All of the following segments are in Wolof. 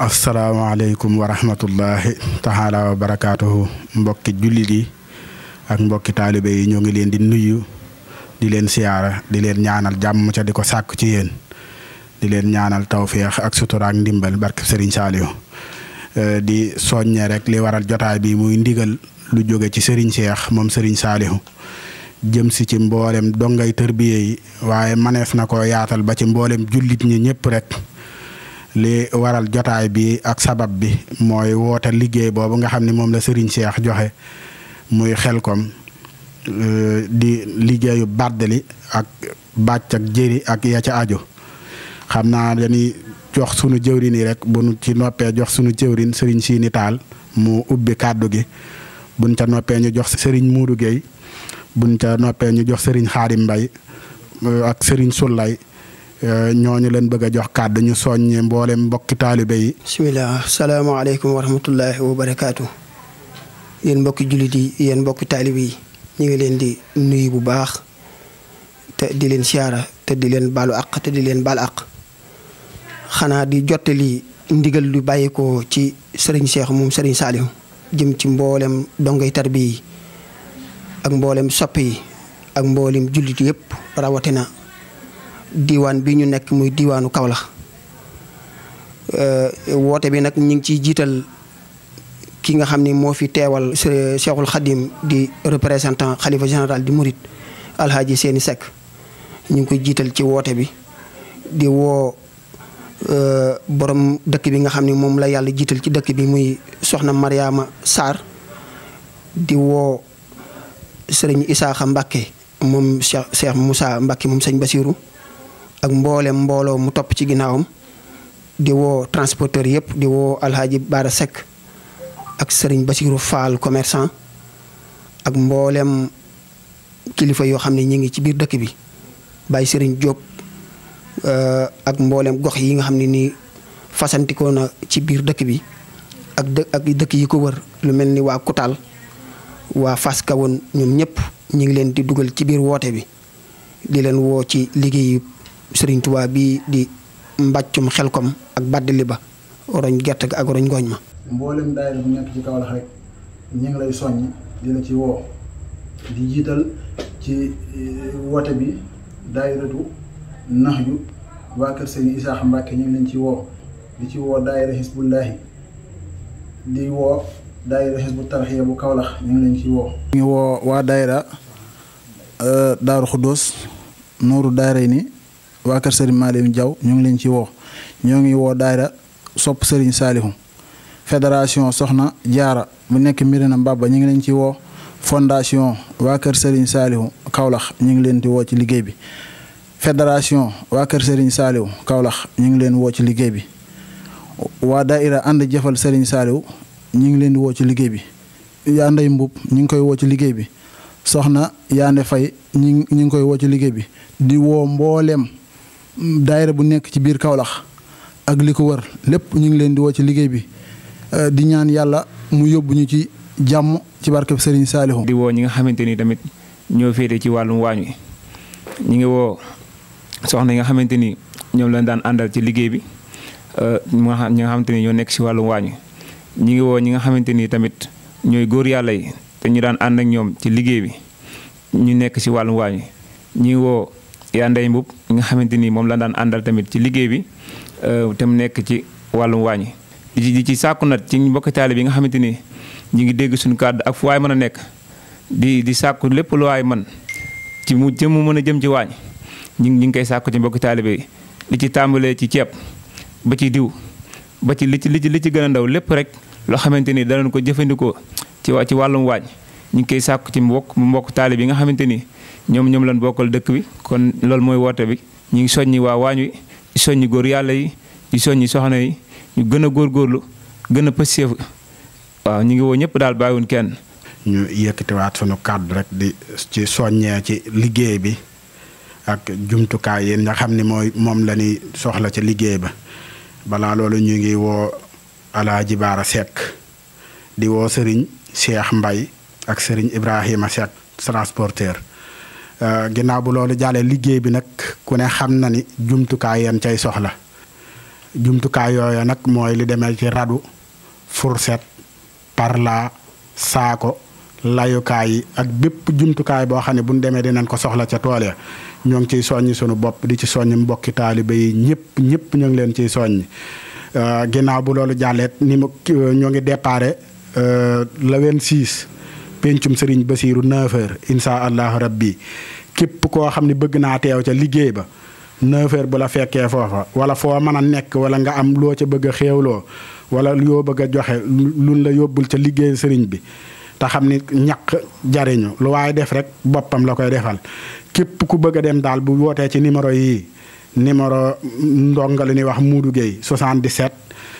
asalaamaaleykum wa rahmatullahi taala wa barakaatuhu mbokki jullit yi ak mbokki taalibe yi ñoo ngi leen di nuyu di leen siyaara di leen ñaanal jàmm ca di ko sàkk ci yéen di leen ñaanal tawféex ak sutura ndimbal barke Serigne Saliou di soññe rek li waral jotaay bii muy ndigal lu jóge ci Serigne Cheikh moom Serigne Saliou jëm si ci mboolem dongay tërbiye yi waaye manees na ko yaatal ba ci mboolem jullit ñi ñëpp rek. li waral jotaay bii ak sabab bi mooy woote liggéey boobu nga xam ne moom la Serigne Cheikh joxe muy xel koom euh, di liggéeyu bàddali ak bàcc ak jëri ak ya ajo xam naa dañuy jox sunu jëwrin yi rek bu ci noppee jox sunu jëwrin Serigne Sini Taal mu ubbi kàddu gi buñ ca noppee ñu jox Serigne Moudou Guèye buñ ca noppee ñu jox sëriñ xaari Mbay euh, ak sëriñ Soulay Euh, ñooñu leen bëgg a jox kàddu ñu soññee mboolem mbokki taalibe yi. bisimilah salaamaaleykum wa rahmatullahi wa barakaatu. yéen mbokki jullit yi yéen mbokki taalibe yi ñu ngi leen di nuyu bu baax te di leen siyaara te di leen baalu àq te di leen baal àq xanaa di jottali ndigal lu bàyyi ci sëriñ Cheikh moom sëriñ Saliou jëm ci mboolem dongay tarbi yi ak mboolem soppe yi ak mboolem jullit yépp rawatina. diwaan bi ñu nekk muy diwaanu Kaolack euh, woote bi nag ñu ngi ciy jiital ki nga xam ni moo fi teewal Cheikhul Khadim di représentant xalifa général di Mouride Alhaji seeni Seck ñu ngi koy jiital ci woote bi di woo euh, boroom dëkk bi nga xam ni moom la yàlla jiital ci dëkk bi muy soxna Mariama Sarr di woo sëriñ Isaaxa Mbacke moom Cheikh Cheikh Moussa Mbacke moom sëñ Basirou. ak mbooleem mbooloo mu topp ci ginnaawam di woo transporteur yëpp di woo Alhaji Bara sekk ak sëriñ Bassirou Fall commerçant ak mbooleem kilifa yoo xam ne ñu ngi ci biir dëkk bi Baye Serigne Diop euh, ak mboolem gox yi nga xam ne nii fasantikoo na ci biir dëkk bi ak dë dëkk yi ko wër lu mel ni waa Koutal waa Fass Kawoon ñoom ñëpp ñu ngi leen di dugal ci biir woote bi di leen woo ci liggéey sëriñ Tuubaa bii di mbàccum xel xelkom ak bàddili ba roñ gerte ga ak roñ gooñ ma mboolem daayira bu nekk ci Kaolack rek ñu ngi lay soññ di la ci woo di jiital ci eh, woote bi daayiratu Nahju waa kër sëriñ Isaaxa Mbàkke ñu lañ leen ci woo di ci woo bu Hisbullahi di woo daayira bu Tarxiya bu kawlax ñu lañ ci woo ñu woo waa daayira eh, Daaru Xuddoos Nooru Daarayni waa kër Serigne Malick Diaw ñu ngi leen ci woo ñoo ngi woo daayira sopp Serigne Saalihu fédération Soxna Jaara bu nekk Mirina Mbaba ñu ngi leen ci woo fondation waa kër Serigne Saalihu Kaolack ñu ngi leen di woo ci liggéey bi fédération waa kër Serigne Saalihu Kaolack ñu ngi leen woo ci liggéey bi waa ànd jëfal Serigne Saalihu ñu ngi leen di woo ci liggéey bi yaa ndey mbub ñu ngi koy woo ci liggéey bi soxna yaande fay ñi ñu ngi koy woo ci liggéey bi di woo mbooleem daayira bu nekk ci biir Kaolack ak li ko wër lépp ñu ngi leen di woo ci liggéey bi euh, di ñaan yàlla mu yóbbu ñu ci jàmm ci barkeb sëriñ Saliou. di woo ñi nga xamante ni tamit ñoo féete ci wàllum waañ ñu ngi woo soxna yi nga xamante ni ñoom lañ daan àndal ci liggéey bi euh, ñi nga xamante ni ñoo nekk si wàllum waañ ñu ngi woo ñi nga xamante ni tamit ñooy góor yàlla yi te ñu daan ànd ak ñoom ci liggéey bi ñu nekk ci wàllum waañ ñu ngi woo yaa ndey mbub nga xamante ni moom la daan àndal tamit ci liggéey bi euh, te mu nekk ci wàllum wàññi di ci sàkku nag ci mbokk taali bi nga xamante ni ñu ngi dégg suñu kàddu ak fu waay mën a nekk di di sàkku lépp lu waay man ci mu jëm mu mën a jëm ci waañ ñu ngi ñu ngi koy sàkku ci mbokk taali yi li ci tàmbalee ci ceeb ba ci diw ba ci li ci li ci gën a ndaw lépp rek loo xamante ni danañ ko jëfandikoo ci ci wàllum waañ ñu ngi koy ci mbokk mbokk taalib yi nga xamante ni ñoom ñoom lañ bokkal dëkk bi kon loolu mooy woote bi ñu ngi soññi waa waañ soññi góor yàlla yi soññi soxna yi ñu gën a góorgóorlu gën a pëseefu waaw ñu ngi woo ñëpp daal bàyyiwuñ kenn. ñu yëkkatiwaat sunu kàddu rek di ci soññee ci liggéey bi ak jumtukaay yi nga xam ne mooy moom la soxla ci liggéey ba balaa loolu ñu ngi woo Alaaji a Seck di woo Sëriñ Cheikh Mbay ak Serigne Ibrahima Seck transporteur euh, ginnaaw bu loolu jàllee liggéey bi nag ku ne xam na ni jumtukaay yan cay soxla jumtukaay yooya nag mooy li demee ci radu fourchette parla saako layukaay yi ak bépp jumtukaay boo xam ne bu ñu demee dinañ ko soxla ca tool ya ñoo ciy soññi sunu bopp di ci soññ mbokki taalibe yi ñëpp ñëpp ñu ngi leen ciy soññ euh, ginnaaw bu loolu jàlleet ni euh, ñoo ngi déparé le 26 pencum sëriñ Basiiru 9h insha allah rabbi képp koo xam ne bëgg naa teew ca liggéey ba 9h bu la fekkee foofa wala foo mën a nekk wala nga am loo ca bëgg a xéewloo wala yoo bëgg a joxe luñ la yóbbul ca liggéey sëriñ bi te xam ni ñaq jariñu lu waaye def rek boppam la koy defal képp ku bëgg a dem daal bu wootee ci numéro yii numéro ndonga lu ñuy wax Muudu Géey 77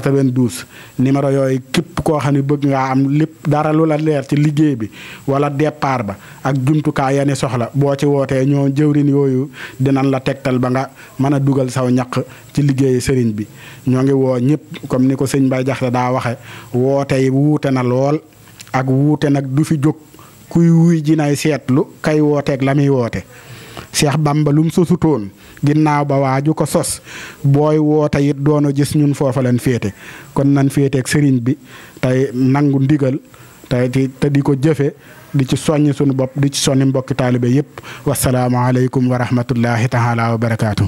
92 numéro yooyu képp koo xam ne bëgg ngaa am lépp dara lu la leer ci liggéey bi wala départ ba ak jumtukaay yani soxla boo ci wootee ñoo jëwrin yooyu dinañ la tegtal ba nga mën a dugal saw ñaq ci liggéey sëriñ bi ñoo ngi woo ñëpp comme ni ko sëñ Mbay Jaxate daa waxe woote wuute na lool ak wuute nag du fi jóg kuy wuy ji nay seetlu kay wooteeg la muy woote Cheikh Bamba lum sosutoon ginnaaw ba waaju ko sos booy woote it doono a gis ñun foofa leen féete kon nan féeteeg sëriñ bi tey nangu ndigal tey te di ko jëfe di ci soññ sunu bopp di ci soññ mbokki taalibe yëpp wasalaamaaleykum wa rahmatullahi taala wa barakaatu.